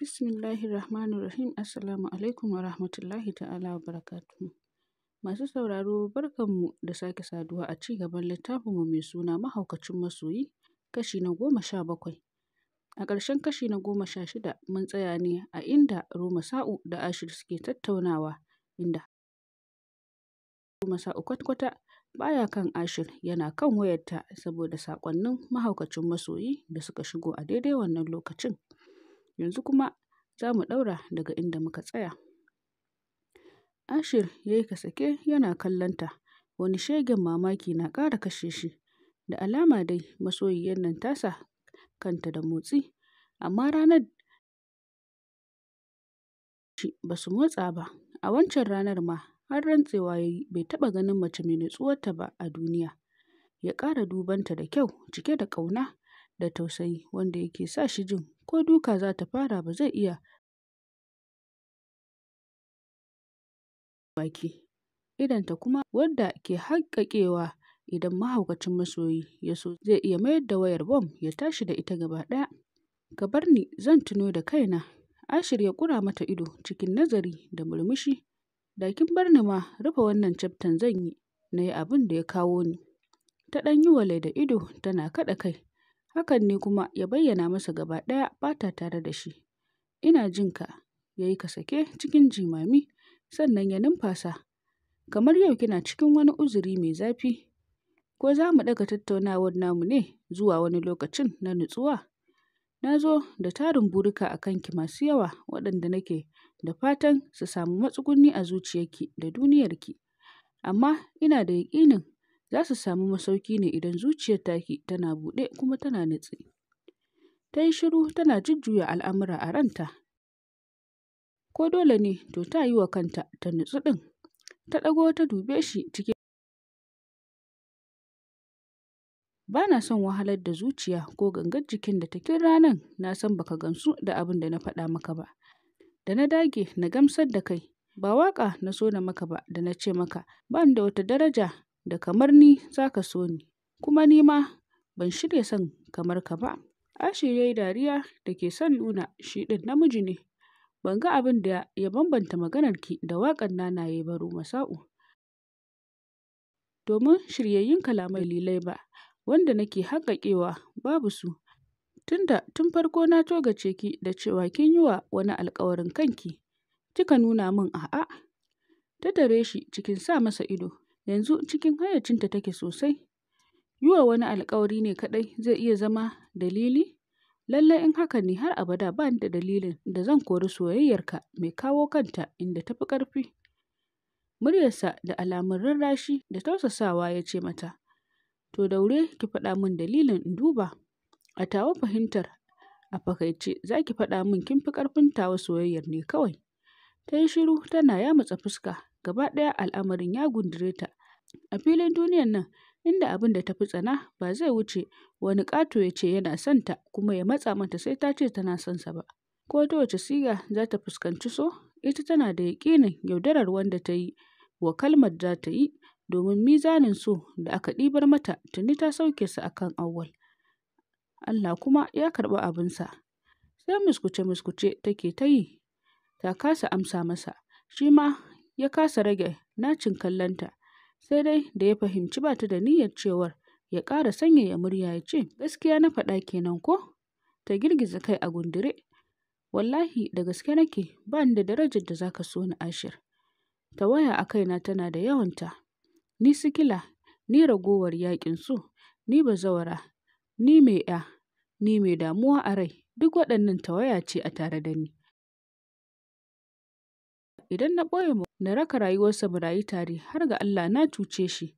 Bismillahi Rahmanu Rahim. Assalamu alaikum wa rahmatullahi ta'ala wa barakatuhu. Masu sauraro barkanmu da sake saduwa a ci gaban littafin mu mai suna mahaukacin masoyi kashi na goma sha bakwai. A ƙarshen kashi na goma sha shida mun tsaya ne a inda Roma Sa'u da Ashir suke tattaunawa inda Roma Sa'u kwatkwata baya kan Ashir yana kan wayarta saboda saƙonnin mahaukacin masoyi da suka shigo a daidai wannan lokacin. Yanzu kuma za mu ɗaura daga inda muka tsaya. Ashir ya yi kasake yana kallonta. Wani shegen mamaki na ƙara kashe shi. Da alama dai masoyiyar nan tasa kanta da motsi, amma ranar shi ba su motsa ba. A wancan ranar ma har rantsewa ya yi bai taɓa ganin mace mai nutsuwarta ba a duniya. Ya ƙara dubanta da kyau cike da ƙauna da tausayi wanda yake sa shi jin ko duka za ta fara ba zai iya baki, idonta kuma, wanda ke haƙaƙewa idan mahaukacin masoyi ya so zai iya mayar da wayar bom? ya tashi da ita gaba ɗaya. Ka bar ni zan tuno da kaina. Ashir ya kura mata ido cikin nazari da murmushi. Dakin kin bar ni ma rufe wannan chaftan zan yi, na yi abin da ya kawo ni. Ta ɗan yi wale da ido tana kaɗa kai. Hakan ne kuma ya bayyana masa gaba ɗaya ba ta tare da shi. "Ina jin ka," ya yi sake cikin jimami, sannan ya numfasa, "kamar yau kina cikin wani uzuri mai zafi, ko za mu ɗaga tattaunawar namu ne zuwa wani lokacin na nutsuwa? Na zo da tarin burika a kanki masu yawa waɗanda nake da fatan su samu matsuguni a zuciyarki da duniyarki, amma ina da yaƙinin za su samu masauki ne idan zuciyar taki tana buɗe kuma tana nutse. Ta yi shiru tana jujjuya al'amura a ranta. Ko dole ne to ta yi wa kanta ta nutsu ɗin, ta ɗago ta dube shi cikin Ba na son wahalar da zuciya ko gangar jikin da takin ranan na san baka gamsu da abin da na faɗa maka ba. Da na dage na gamsar da kai, ba waƙa na so na maka ba da na ce maka ba da wata daraja da kamar ni za ka so ni, kuma ni ma ban shirya son kamar ka ba. Ashe ya yi dariya da ke son nuna shi ɗin namiji ne. Ban ga abin da ya bambanta maganar ki da waƙar Nanaye ba Ruma Sa'u, domin shiryayyun kalamai lilai ba, wanda nake haƙaƙewa babu su, tunda tun farko na togace ki da cewa kin yi wa wani alƙawarin kanki, kika nuna min a'a. Ta tare shi cikin sa masa ido, yanzu cikin hayyacinta take sosai Yiwa wani alkawari ne kaɗai zai iya zama dalili lallai in haka ne har abada ba ni da dalilin da zan kori soyayyarka mai kawo kanta inda tafi karfi muryarsa da alamun rarrashi da tausasawa ya ce mata to daure ki faɗa min dalilin in duba a tawa fahimtar a fakaice za ki faɗa min kin fi ƙarfin tawa soyayyar ne kawai ta yi shiru tana yamutsa fuska Gaba ɗaya al'amarin ya gundure ta a filin duniyar nan, inda abin da ta fi tsana ba zai wuce wani ƙato ya ce yana son ta kuma ya matsa mata sai ta ce tana son sa ba, ko ta wace siga za ta fuskanci so, ita tana da yaƙinin yaudarar wanda ta yi wa kalmar za ta yi, domin mizanin so da aka ɗibar mata tuni ta sauke su a kan Allah kuma ya karɓi abinsa, sai muskuce-muskuce take ta yi, ta kasa amsa masa, shi ma ya kasa rage nacin kallonta, sai dai da ya fahimci ba ta da niyyar cewar, ya ƙara sanyaya murya ya ce, “Gaskiya na faɗa kenan ko?” Ta girgiza kai a gundure. “Wallahi da gaske nake, ba ni da darajar da za ka so ni Ashir. Tawaya a kaina tana da yawanta. Ni sikila, ni ragowar yaƙin su ni bazawara, ni mai ‘ya, ni mai damuwa a rai, duk waɗannan tawaya ce a tare da ni. Idan na ɓoye mu na raka rayuwarsa mu rayu tare, har ga Allah na cuce shi.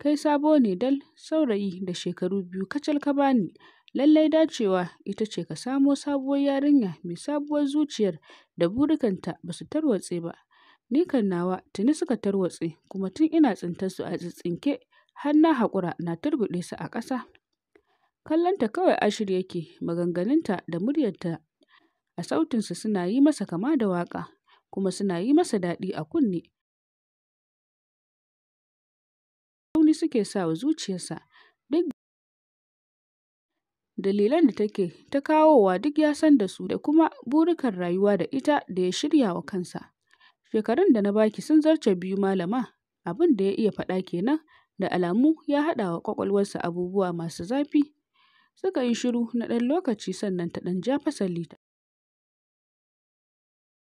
Kai sabo ne dal, saurayi da shekaru biyu kacal ka bani, lallai dacewa ita ce ka samo sabuwar yarinya mai sabuwar zuciyar da burikanta ba su tarwatse ba. Ni kan nawa tuni suka tarwatse, kuma tun ina su a tsintsinke har na haƙura na turbuɗe su a ƙasa. Kallonta kawai Ashir yake, maganganunta da muryarta a sautinsa suna yi masa kama da waƙa. kuma suna yi masa daɗi a kunne. sauni suke sawa zuciyarsa duk dalilan da take ta kawowa duk ya san da su da kuma burikan rayuwa da ita da ya shirya wa kansa. Shekarun da na baki sun zarce biyu malama, abin da ya iya faɗa kenan da alamu ya haɗa wa ƙwaƙwalwarsa abubuwa masu zafi. Suka yi shiru na ɗan lokaci sannan ta ɗan ja fasali.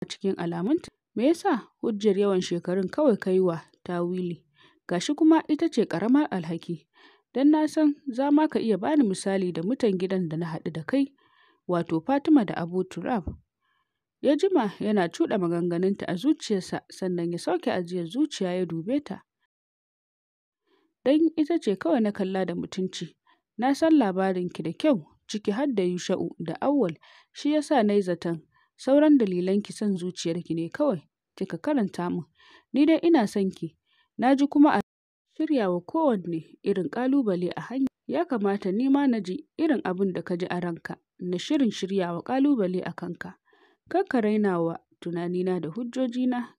cikin alamunta me yasa hujjar yawan shekarun kawai kaiwa, yi wa tawili gashi kuma ita ce karamar alhaki dan na san za ma ka iya bani misali da mutan gidan da na haɗu da kai wato Fatima da Abu Turab ya jima yana cuɗa maganganunta a zuciyarsa sannan ya sauke ajiyar zuciya ya dube ta dan ita ce kawai na kalla da mutunci na san labarinki da kyau ciki har da Yusha'u da Awwal shi yasa na yi zaton Sauran dalilanki son zuciyarki ne kawai, kika karanta min, ni dai ina son ki, na ji kuma a shirya wa kowanne irin ƙalubale a hanya. Ya kamata ni ma na ji irin abin da ka ji a ranka na shirin shirya wa ƙalubale a kanka. Kar ka rainawa tunanina da hujjojina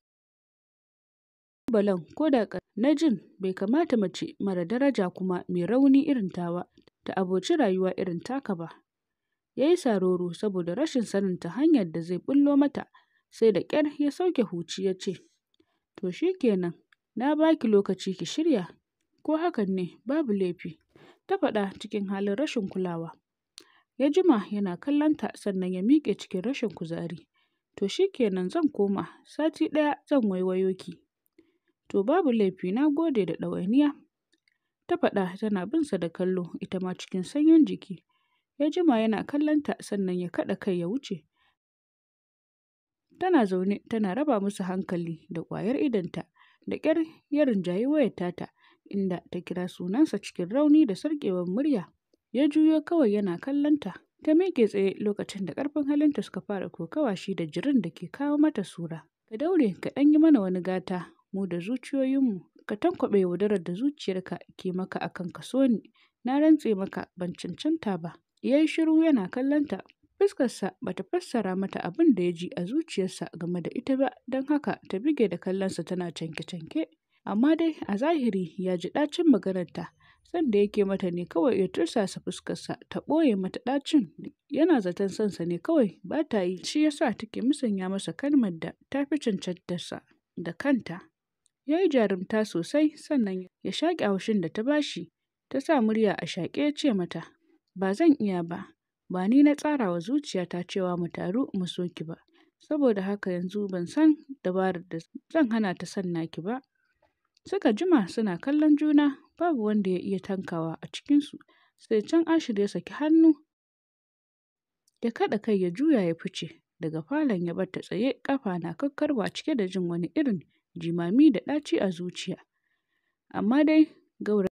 Balan ko da na jin bai kamata mace mara daraja kuma mai rauni irin tawa ta aboci rayuwa irin taka ba. ya yi saroro saboda rashin sanin ta hanyar da zai bullo mata, sai da ƙyar ya sauke huci ya ce, To shi kenan, na ba ki lokaci ki shirya, ko hakan ne babu laifi, ta faɗa cikin halin rashin kulawa. Ya jima yana kallonta sannan ya miƙe cikin rashin kuzari. To shi kenan zan koma, sati ɗaya zan waiwayo ki. To babu laifi na gode da ɗawainiya. Ta faɗa tana bin sa da kallo ita ma cikin sanyin jiki. Ya jima yana kallonta sannan ya kaɗa kai ya wuce. Tana zaune tana raba musu hankali da kwayar idonta da ƙyar ya rinjayi wayar tata inda ta kira sunansa cikin rauni da sarƙewar murya. Ya juyo kawai yana kallonta. Ta miƙe tsaye lokacin da ƙarfin halinta suka fara kokawa shi da jirin da ke kawo mata sura. Ka daure ka ɗan yi mana wani gata mu da zuciyoyinmu ka tankwaɓe yaudarar da zuciyarka ke maka akan kaso ni na rantse maka ban cancanta ba. Ya yi shiru yana kallonta, fuskarsa ba ta fassara mata abin da ya ji a zuciyarsa game da ita ba don haka ta bige da kallonsa tana canke-canke. Amma dai a zahiri ya ji ɗacin maganarta sanda yake mata ne kawai ya tursasa fuskarsa ta ɓoye mata ɗacin yana zaton sansa ne kawai ba ta yi shi yasa take musanya masa kalmar da ta fi cancantarsa da kanta. Ya yi jarumta sosai sannan ya shaƙi haushin da ta bashi ta sa murya a shaƙe ya ce mata Ba zan iya ba. Ba ni na tsara wa zuciyata cewa mu taru mu so ki ba, saboda haka yanzu ban san dabarar da zan hana ta san naki ba. Suka jima suna kallon juna, babu wanda ya iya tankawa a cikinsu, sai can ashir ya saki hannu ya kaɗa kai ya juya ya fice daga falon ya bar tsaye ƙafa na kakkarwa cike da jin wani irin jimami da ɗaci a zuciya. Amma dai Gauraye.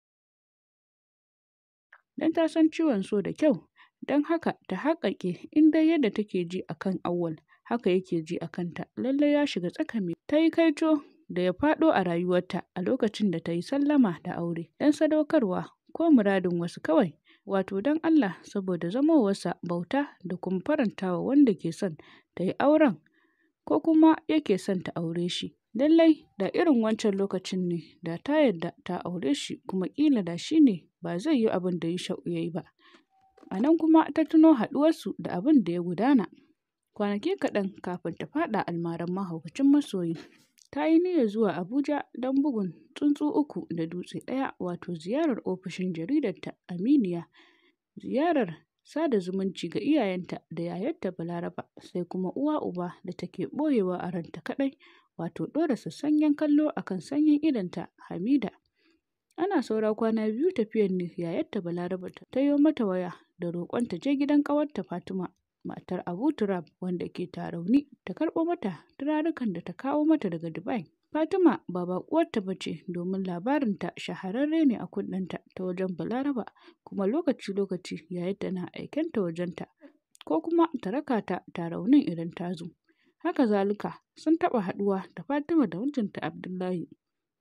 don ta san ciwon so da kyau, don haka ta haƙaƙe in dai yadda take ji a kan Auwal haka yake ji a kanta lallai ya shiga tsaka ta yi kaito da ya faɗo a rayuwarta a lokacin da ta yi sallama da aure don sadaukarwa ko muradin wasu kawai wato don Allah saboda zamowarsa bauta da kuma farantawa wanda ke son ta yi auren ko kuma yake son ta aure shi lallai da irin wancan lokacin ne da ta yarda ta aure shi kuma ƙila da shi ne ba zai yi abin da Yusha'u ya yi ba. A nan kuma ta tuno haɗuwarsu da abin da ya gudana. Kwanaki kaɗan kafin ta faɗa almaran mahaukacin masoyi, ta yi niyyar zuwa Abuja don bugun tsuntsu uku da dutse ɗaya wato ziyarar ofishin jaridarta Aminiya, ziyarar sada zumunci ga iyayenta da yayarta Balaraba sai kuma uwa uba da take ɓoyewa a ranta kaɗai wato ɗora sassanyen kallo akan sanyin idonta Hamida Ana saura kwana biyu tafiyar ne ta Balaraba ta tayo mata waya da roƙon ta je gidan ƙawarta Fatima matar Abu Turab wanda ke Tarauni ta karɓo mata turarukan da ta kawo mata daga Dubai. Fatima ba baƙuwarta ba ce domin labarinta shahararre ne a kunnenta ta wajen Balaraba kuma lokaci-lokaci ta na aikenta wajenta ko kuma ta raka ta Taraunin idan ta zo. Haka zalika sun taɓa haɗuwa da Fatima da mijinta Abdullahi.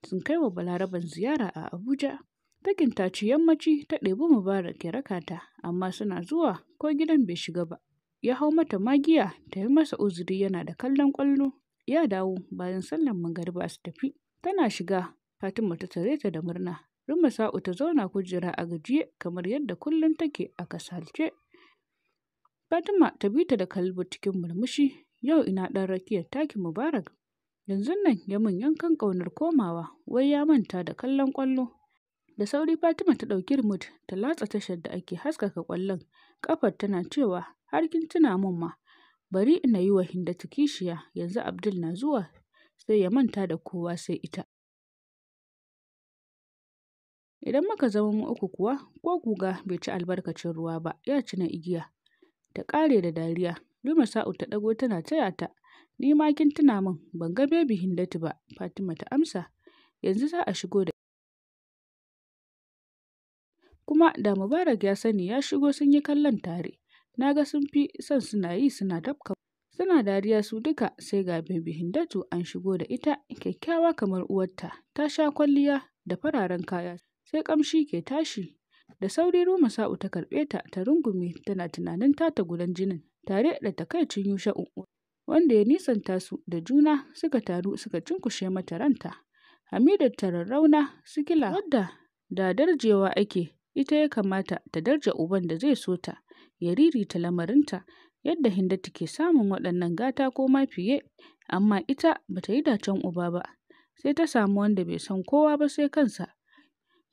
sun kai wa Balaraben ziyara a Abuja. Takin ta ci yammaci ta ɗebi Mubarak ya raka ta, amma suna zuwa ko gidan bai shiga ba. Ya hau mata magiya ta yi masa uzuri yana da kallon kwallo Ya dawo bayan sallan magariba su tafi. Tana shiga, Fatima ta tare ta da murna. Ruma sa'u ta zauna kujera a gajiye kamar yadda kullum take a kasalce. Fatima ta bi ta da kalbu cikin murmushi, yau ina ɗan rakiyar taki Mubarak. Yanzun nan ya mun yankan ƙaunar komawa wai ya manta da kallon ƙwallo. Da sauri Fatima ta ɗauki rimot ta latsa tashar da ake haskaka ƙwallon, ƙafar tana cewa, “Har kin tuna min ma, bari ina yi wa hinda kishiya, yanzu Abdul na zuwa sai ya manta da kowa sai ita.” Idan muka zama mu uku kuwa, ko guga bai ci albarkacin ruwa ba, ya ci na igiya. Ta ƙare da dariya. Sa'u ta ɗago tana taya ta. Ni ma kin tuna min, ban ga bebi Hindatu ba, Fatima ta amsa, yanzu za a shigo da Kuma da Mubarak ya sani ya shigo sun yi kallon tare, na ga sun fi son suna yi suna tafka Suna dariya su duka sai ga bebi Hindatu an shigo da ita kyakkyawa kamar uwarta, ta sha kwalliya da fararen kaya sai kamshi ke tashi. Da sauri Ruma Sa'u ta karɓe ta ta rungume tana tunanin tata gudan jinin tare da takaicin yushe uku. wanda ya nisanta su da juna suka taru suka cunkushe mata ranta. Hamidu ta rarrauna sikila wadda da darjewa ake ita ya kamata ta darje uban da zai so ta ya ta lamarinta yadda hinda take samun waɗannan gata ko ma fiye amma ita bata yi dacen uba ba sai ta samu wanda bai san kowa ba sai kansa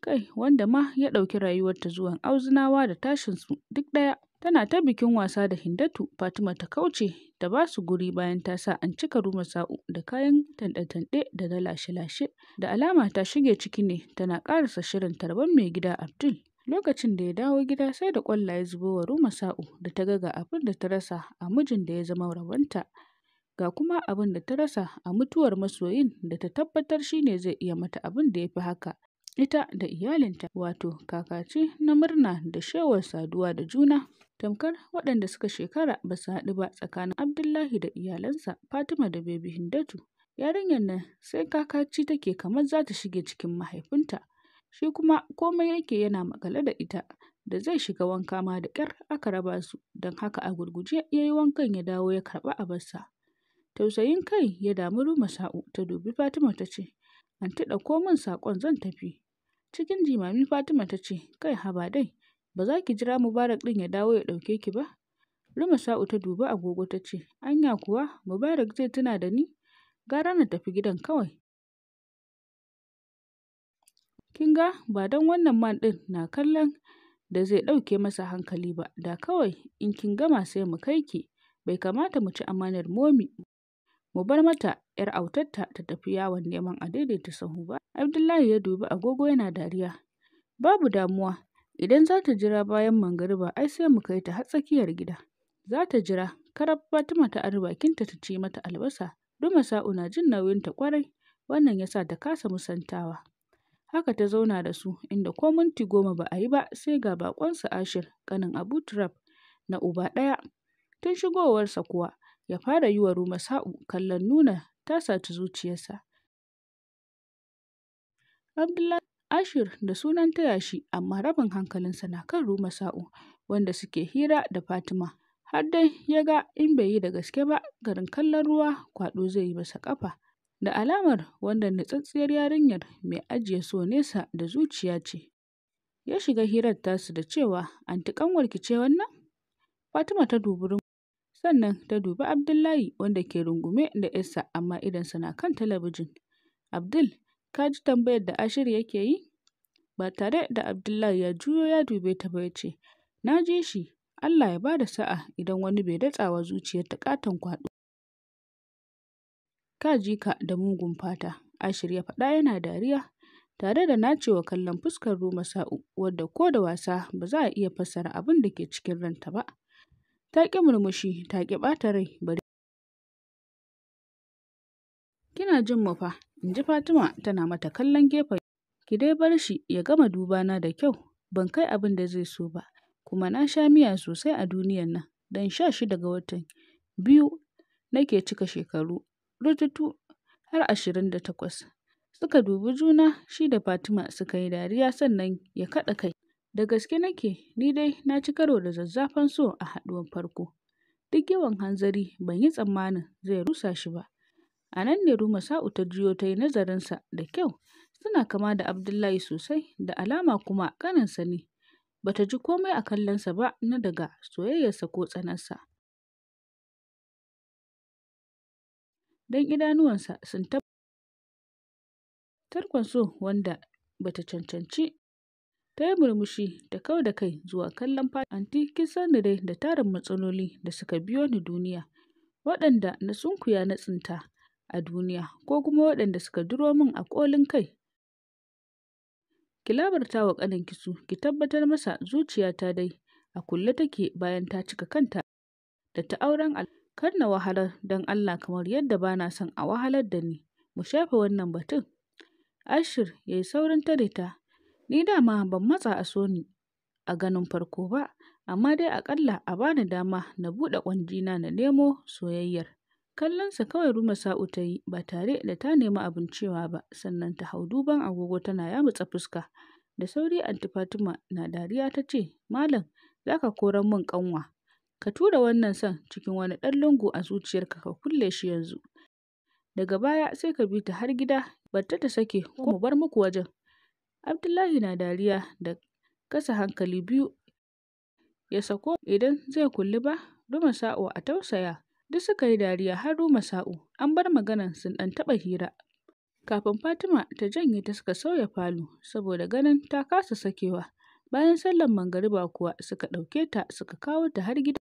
kai wanda ma ya ɗauki rayuwarta zuwan auzunawa da tashin su duk ɗaya. Tana ta bikin wasa da Hindatu, Fatima ta kauce da ba su guri bayan ta sa an cika ruma Sa'u da kayan tanɗe-tanɗe da na lashe-lashe, da alama ta shige ciki ne tana karasa shirin mai gida Abdul. Lokacin da ya dawo gida sai da ƙwallaye zubowa Rumor Sa'u da ta ga ga abin da ta rasa a mijin da ya zama rabonta, ga kuma abin da ta rasa a mutuwar masoyin da ta tabbatar shi ne zai iya mata abin da ya fi haka. ita da iyalinta wato kakaci na murna da shewar saduwa da juna tamkar waɗanda suka shekara ba su haɗu ba tsakanin Abdullahi da iyalansa Fatima da bebi Hindatu. Yarinyar nan sai kakaci take kamar za ta shige cikin mahaifinta, shi kuma komai yake yana makale da ita da zai shiga wanka ma da kyar aka raba su don haka a gurguje ya yi wankan ya dawo ya a abarsa. Tausayin kai ya damu Ruma Sa'u ta dubi Fatima ta ce, Anti ɗauko min saƙon zan tafi. Cikin jimami Fatima ta ce, Kai haba dai, Ba za ki jira Mubarak ɗin ya dawo ya ɗauke ki ba? Sa'u ta dubi agogo ta ce, Anya kuwa Mubarak zai tuna da ni? Gara na tafi gidan kawai. Kin ga ba don wannan man ɗin na kallon da zai ɗauke masa hankali ba, da kawai in kin gama sai mu kai ki, bai kamata mu ci amanar Momi mu bar mata 'yar autarta ta tafi yawon neman daidaita sahu ba. Abdullahi ya dubi agogo yana dariya. Babu damuwa, Idan za ta jira bayan mangariba ai sai mu kai ta har tsakiyar gida. Za ta jira, karab Fatima ta ari bakinta ta ce mata albasa. Dumasa'u na jin nauyinta ƙwarai, wannan ya sa ta kasa musantawa. Haka ta zauna da su, inda ko minti goma ba a yi ba sai ga baƙonsu Ashir, ƙanin Abu Turab, na uba ɗaya. Tun shigowarsa kuwa, ya fara yi wa sa'u kallon nuna ta saci zuciyarsa. Abdullahi Ashir da sunan taya shi amma rabin hankalinsa na kan Ruma Sa'u wanda suke hira da Fatima har dai ya ga in bai yi da gaske ba garin kallon ruwa kwaɗo zai yi masa ƙafa, da alamar wanda nutsattsiyar yarinyar mai ajiye so nesa da zuciya ce. Ya shiga hirar tasu da cewa anti kanwarki ce wannan? Fatima ta dubi Ruma sannan ta dubi Abdullahi wanda ke rungume da isa, amma idonsa na kan talabijin. Abdul Ka ji tambayar da Ashir yake yi? Ba tare da Abdullahi ya juyo ya dube ta ba ya ce, Na ji shi, Allah ya ba da sa'a idan wani bai datsawa ta katon kwaɗo. Ka ji ka da mugun fata, Ashir ya faɗa yana dariya, tare da nacewa kallon fuskar roma Sa'u wadda ko da wasa ba za a iya fassara abin da ke cikin ranta ba. Ta ƙi murmushi, ta ƙi ɓata rai bari. yana jin mu in ji Fatima tana mata kallon gefen. Ki dai bar shi ya gama duba na da kyau, ban kai abin da zai so ba, kuma na sha miya sosai a duniyan nan, dan sha shi daga watan biyu nake cika shekaru rututu har ashirin da takwas. Suka dubi juna shi da Fatima suka yi dariya sannan ya kaɗa kai. Da gaske nake ni dai na ci karo da zazzafan so a haɗuwan farko. Duk yawan hanzari ban yi tsammanin zai rusa shi ba. A nan ne Sa'u ta juyo ta yi nazarinsa da kyau, suna kama da Abdullahi sosai, da alama kuma ƙaninsa ne. Ba ta ji komai a kallonsa ba na daga soyayyarsa ko tsanarsa. Don idanuwansa sun tab tarkon so wanda ba ta cancanci ta yi murmushi da kau da kai zuwa kallon fata anti kin san dai da tarin matsaloli da suka biyo ni duniya waɗanda na sunkuya na tsinta a duniya ko kuma waɗanda suka duro min a ƙolin kai. Ki labarta wa ƙanin su, ki tabbatar masa zuciyata dai a kulle take bayan ta cika kanta da ta auren al kar na wahalar don Allah kamar yadda ba na son a wahalar da ni, mu shafe wannan batun. Ashir ya yi saurin tare ta, ni dama ban matsa a so ni a ganin farko ba, amma dai aƙalla a bani dama na buɗe ƙwanjina na nemo soyayyar. Kallonsa kawai Ruma Sa'u ta yi ba tare da ta nemi abin cewa ba sannan ta hau duban agogo tana yamutsa fuska. Da sauri anti Fatima na dariya ta ce, Malam, za ka koran min ƙanwa. Ka tura wannan son cikin wani ɗan lungu a zuciyarka ka kulle shi yanzu. Daga baya sai ka bi ta har gida batta ta sake ko mu bar muku wajen. Abdullahi na dariya da kasa hankali biyu ya sako idan zai kulli ba Ruma Sa'u a tausaya. Duk suka yi dariya har Ruma sa'u, an bar maganan sun ɗan taɓa hira, kafin Fatima ta janye ta suka sauya falo, saboda ganin ta kasa sakewa, bayan sallar mangariba kuwa suka ɗauke ta suka kawo ta har gida.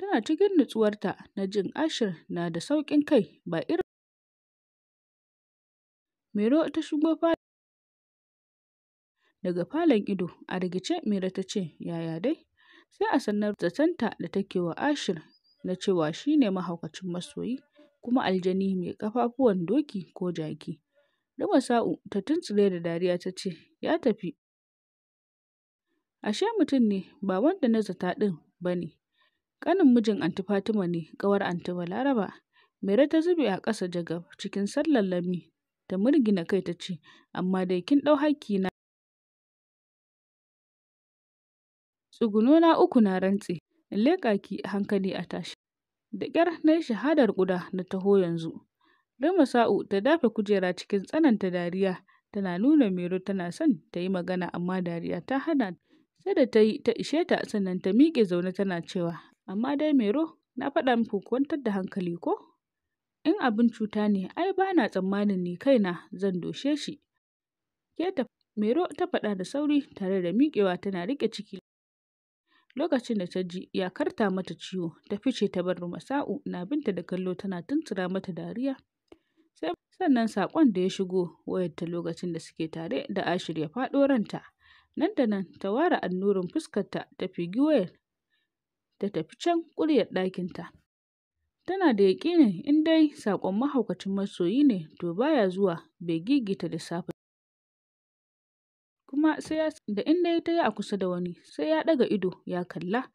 Tana cikin nutsuwarta na jin Ashir na da saukin kai ba irin Mero ta shigo falon daga falon ido, a rikice Mero ta ce, Yaya dai? sai a sanar da zatenta da take wa Ashir na cewa shi ne mahaukacin masoyi kuma aljani mai ƙafafuwan doki ko jaki. Sa'u ta tuntsire da dariya ta ce, Ya tafi. Ashe mutum ne ba wanda na zata ɗin ba ne. Ƙanin mijin Anti Fatima ne ƙawar Anti Balaraba. Mere ta zube a ƙasa jagab cikin sallar lami ta murgina kai ta ce, Amma dai kin ɗau na. Tsugunona uku na rantse, in leƙa ki hankali a tashi. Da ƙyar na yi shahadar ƙuda na taho yanzu. sa'u ta dafe kujera cikin tsananta dariya, tana nuna mero tana son ta yi magana amma dariya ta hana sai da ta yi ta ishe ta sannan ta miƙe zaune tana cewa, amma dai Mairo na faɗa muku kwantar da hankali ko? In abin cuta ne ai ba na tsammanin ni kaina zan doshe shi. Ke ta Mero ta faɗa da sauri tare da miƙewa tana riƙe ciki. Lokacin da ta ji ya karta mata ciwo, ta fice ta bar Masa'u na binta da kallo tana tuntura mata dariya. Sannan saƙon da ya shigo wayarta lokacin da suke tare da Ashir ya faɗo ranta. Nan da nan ta ware annurin fuskarta ta figi wayar ta tafi can ƙuryar ɗakinta. Tana da yaƙinin in dai saƙon mahaukacin masoyi ne to baya zuwa bai gigita da safe kuma sai ya da in dai ta yi a kusa da wani sai ya daga ido ya kalla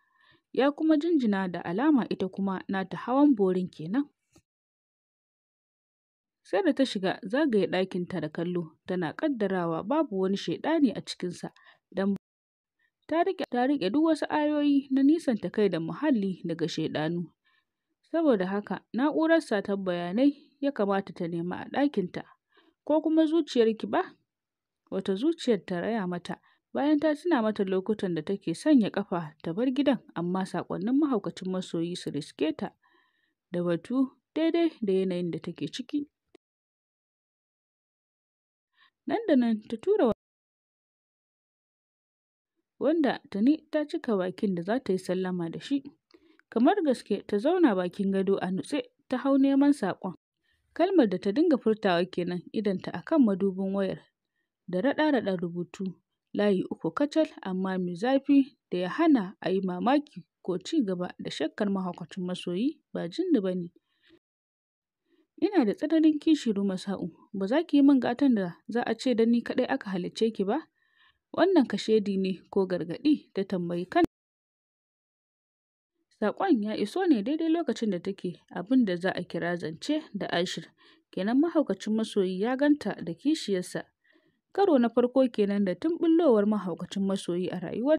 ya kuma jinjina da alama ita kuma na ta hawan borin kenan. Sai da ta shiga zagaye ɗakinta da kallo tana ƙaddarawa babu wani shaiɗani a cikinsa don ta riƙe ta riƙe duk wasu ayoyi na nisanta kai da muhalli daga shaiɗanu. Saboda haka na'urar ta bayanai ya kamata ta nema a ɗakinta ko kuma zuciyarki ba wata zuciyar ta raya mata, bayan ta tuna mata lokutan da take sanya kafa ta bar gidan amma sakonnin mahaukacin masoyi su riske ta da batu daidai da yanayin da take ciki. Nan da nan ta tura wanda ni ta cika bakin da za ta yi sallama da shi. Kamar gaske ta zauna bakin gado a nutse ta hau neman saƙon. Kalmar da ta dinga furtawa kenan idanta akan madubin wayar da raɗa raɗar rubutu layi uku kacal amma mai zafi da ya hana a yi mamaki ko ci gaba da shakkar mahaukacin masoyi ba jinni ba ne. Ina da tsananin kishi sa'u, ba za ki yi min gatan da za a ce da ni kaɗai aka halicce ki ba? Wannan kashedi ne ko gargaɗi ta tambayi kan. Saƙon ya iso ne daidai lokacin da take abin da za a kira zance da Ashir, kenan mahaukacin masoyi ya ganta da kishiyarsa Karo na farko kenan da tun bullowar mahaukacin masoyi a rayuwar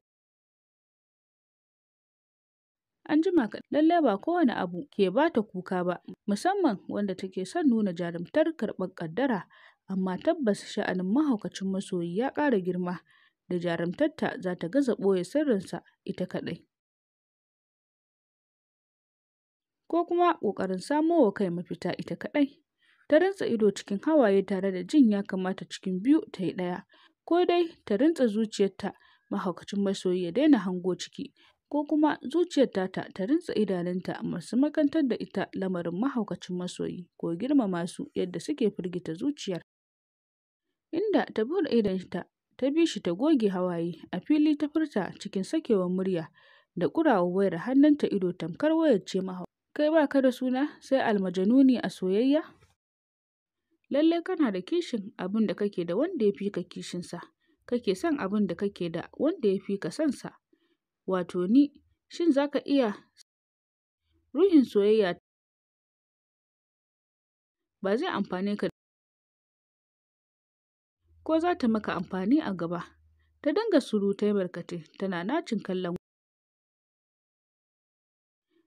An jima kaɗan lallai ba kowane abu ke ba ta kuka ba, musamman wanda take son nuna jarumtar karɓar ƙaddara, amma tabbas sha'anin mahaukacin masoyi ya ƙara girma da jarumtarta za ta gaza ɓoye sirrinsa ita kaɗai. Ko kuma ƙoƙarin samo wa kai mafita ita kaɗai. ta rintsa ido cikin hawaye tare da jin ya kamata cikin biyu ta yi ɗaya, ko dai ta rintsa zuciyarta mahaukacin masoyi ya daina hango ciki, ko kuma zuciyarta ta ta rintsa idanunta masu makantar da ita lamarin mahaukacin masoyi ko girmama su yadda suke firgita zuciyar. Inda ta buɗe idanta ta bi shi ta goge hawaye a fili ta furta cikin sakewar murya da ƙurawa wayar hannunta ido tamkar wayar ce mahau. Kai ba ka da suna sai almajanuni a soyayya? Lallai kana da kishin abin da kake da wanda ya fi ka kishinsa, kake son abin da kake da wanda ya fi ka sonsa, wato ni. Shin za ka iya Ruhin soyayya ba zai amfane ka ko za ta maka amfani a gaba. Ta dinga surutai barkatai, tana nacin kallon.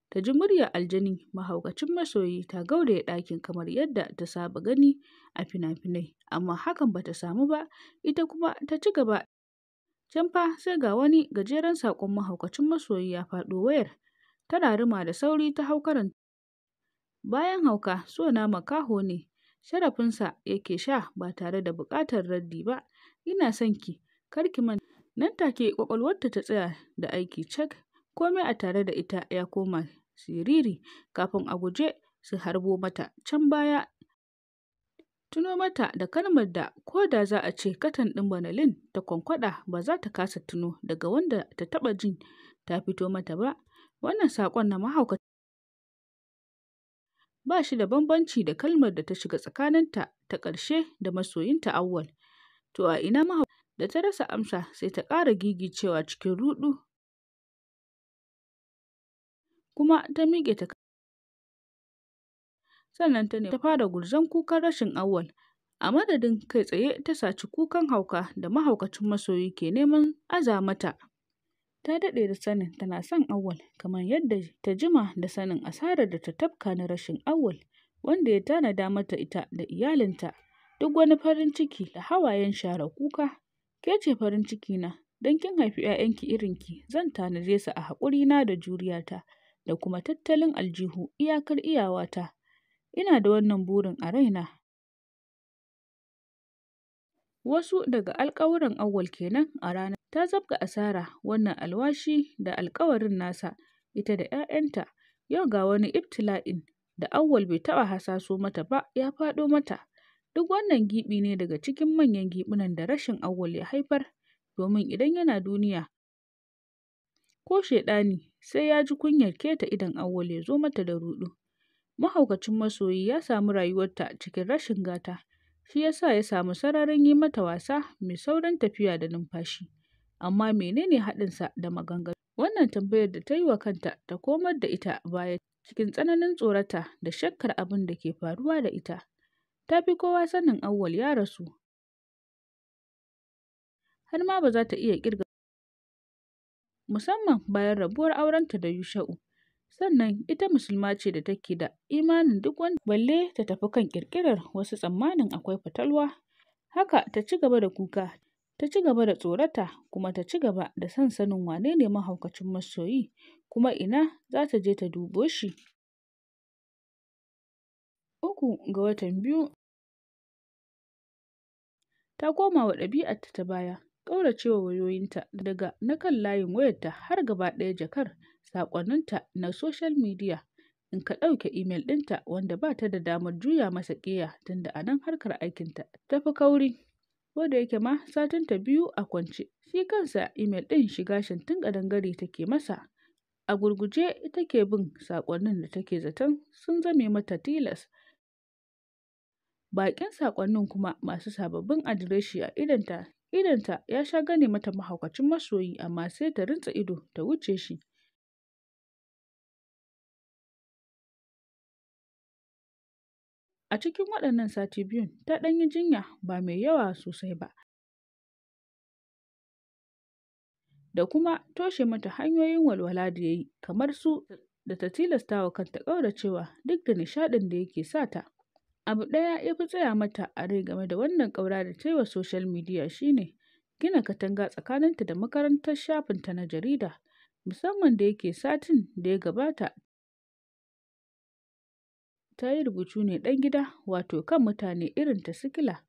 ta ji murya aljani mahaukacin masoyi ta gauraya ɗakin kamar yadda ta saba gani a fina-finai amma hakan ba ta samu ba ita kuma ta ci gaba can fa sai ga wani gajeren saƙon mahaukacin masoyi ya faɗo wayar ta rima da sauri ta hau karanta bayan hauka sona makaho ne sharafinsa yake sha ba tare da buƙatar raddi ba ina son ki kar ki man nan take kwakwalwarta ta tsaya da aiki cak komai a tare da ita ya koma siriri kafin a guje su harbo mata can baya tuno mata da kalmar da ko da za a ce katan ɗin banalin ta kwankwada ba za ta kasa tuno daga wanda ta taba jin ta fito mata ba wannan sakon na mahauka ba shi da bambanci da kalmar da ta shiga tsakaninta ta ƙarshe da masoyinta awwal to a ina mahauka da ta rasa amsa sai ta ƙara gigicewa cikin ruɗu kuma ta miƙe ta sannan ta ne ta fara gurzon kukan rashin awwal a madadin kai tsaye ta saci kukan hauka da mahaukacin masoyi ke neman aza mata ta daɗe da sanin tana son awwal kamar yadda ta jima da sanin asarar da ta tafka na rashin awwal wanda ya tanada mata ita da iyalinta duk wani farin ciki da hawayen share kuka ke ce farin ciki na don kin haifi 'ya'yanki ki, zan tanaje su a haƙurina da juriyata da kuma tattalin aljihu iyakar iyawata. Ina da wannan burin a raina. Wasu daga alƙawuran Auwal kenan a ranar. Ta zabga asara wannan alwashi da alƙawarin nasa ita da 'ya'yanta, yau ga wani ibtila'in da Auwal bai taɓa hasaso mata ba ya faɗo mata. Duk wannan giɓi ne daga cikin manyan giɓunan da rashin awwal ya haifar, domin idan yana duniya ko shaiɗani sai ya ji kunyar keta idan Auwal ya zo mata da ruɗu. Mahaukacin masoyi ya samu rayuwarta cikin rashin gata, shi ya sa ya samu sararin yi mata wasa mai sauran tafiya da numfashi. Amma menene haɗinsa da maganganu? Wannan tambayar da ta yi wa kanta ta komar da ita baya cikin tsananin tsorata da shakkar abin da ke faruwa da ita. Ta fi kowa sanin Auwal ya rasu, har ma ba za ta iya ƙirga musamman bayan rabuwar aurenta da Yusha'u. Sannan ita musulma ce da take da imanin duk wanda balle ta tafi kan ƙirƙirar wasu tsammanin akwai fatalwa. Haka ta ci gaba da kuka, ta ci gaba da tsorata kuma ta ci gaba da son sanin wane ne mahaukacin masoyi kuma ina za ta je ta dubo shi. Uku ga watan biyu ta koma wa ɗabi'arta ta baya kauracewa wayoyinta daga na kan layin wayarta har gaba ɗaya jakar saƙonninta na social media in ka ɗauke imel ɗinta wanda ba ta da damar juya masa ƙiya tunda a nan harkar aikinta ta fi kauri. da yake ma satinta biyu a kwance shi kansa imel ɗin shiga shantin ƙadangare take masa a gurguje take bin saƙonnin da take zaton sun zame mata tilas baƙin saƙonnin kuma masu sababbin adireshi a idonta Idonta ya sha gane mata mahaukacin masoyi amma sai ta rintsa ido ta wuce shi. A cikin waɗannan sati biyun ta ɗan yi jinya ba mai yawa sosai ba da kuma toshe mata hanyoyin walwala da ya yi kamar su da ta tilasta wa kanta ƙauracewa duk da nishaɗin da yake sa ta. Abu ɗaya ya fi tsaya mata a rai game da wannan ƙaura da ta yi wa soshal midiya shi gina katanga tsakaninta da makarantar shafin ta na jarida, musamman da yake satin da ya gabata ta yi rubutu ne ɗan gida wato kan mutane irin ta sikila,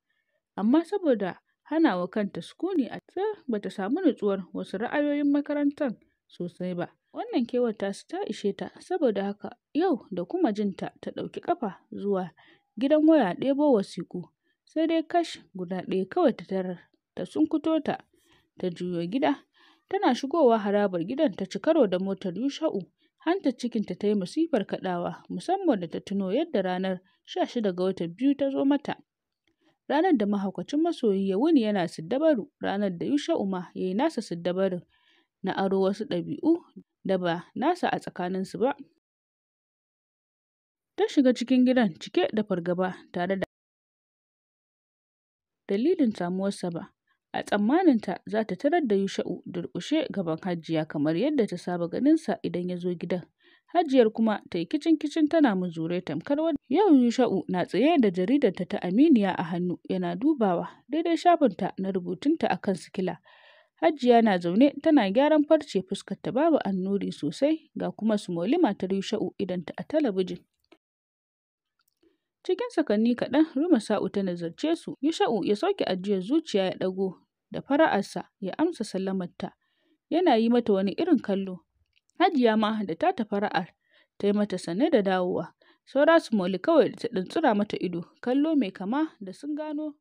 amma saboda hana wa kanta sukuni a ta ba ta samu nutsuwar wasu ra'ayoyin makarantar sosai ba. Wannan kewar tasu ta ishe ta saboda haka yau da kuma jinta ta ɗauki kafa zuwa gidan waya ɗebo wasiƙu, sai dai kash guda ɗaya kawai ta tarar ta sunkuto ta, ta juyo gida. Tana shigowa harabar gidan ta ci karo da motar Yusha'u, hanta cikinta ta yi masifar kaɗawa musamman da ta tuno yadda ranar sha shida ga wata biyu ta zo mata. Ranar da mahaukacin masoyi ya wuni yana siddabaru, ranar da Yusha'u ma ya yi nasa siddabarin na aro wasu ɗabi'u da ba nasa a tsakaninsu ba. Ta shiga cikin gidan cike da fargaba tare da dalilin samuwarsa ba, a tsammaninta za ta tarar da Yusha'u durƙushe gaban Hajiya kamar yadda ta saba ganinsa idan ya zo gidan, Hajiyar kuma ta yi kicin-kicin tana muzure tamkar wadda Yau Yusha'u na tsaye da jaridarta ta Aminiya a hannu yana dubawa daidai ta na rubutunta a kan sikila. Hajiya na zaune tana gyaran farce fuskarta babu annuri sosai ga kuma su sumoli matar Yusha'u idanta a talabijin. Cikin sakanni kaɗan Sa'u ta nazarce su, Yusha'u ya sauke ajiyar zuciya ya ɗago da fara'arsa ya amsa sallamarta, yana yi mata wani irin kallo. Hajiya ma da ta fara'ar ta yi mata sanne da dawowa, saura su moli kawai da ta ɗan tsura mata ido, kallo mai kama da sun gano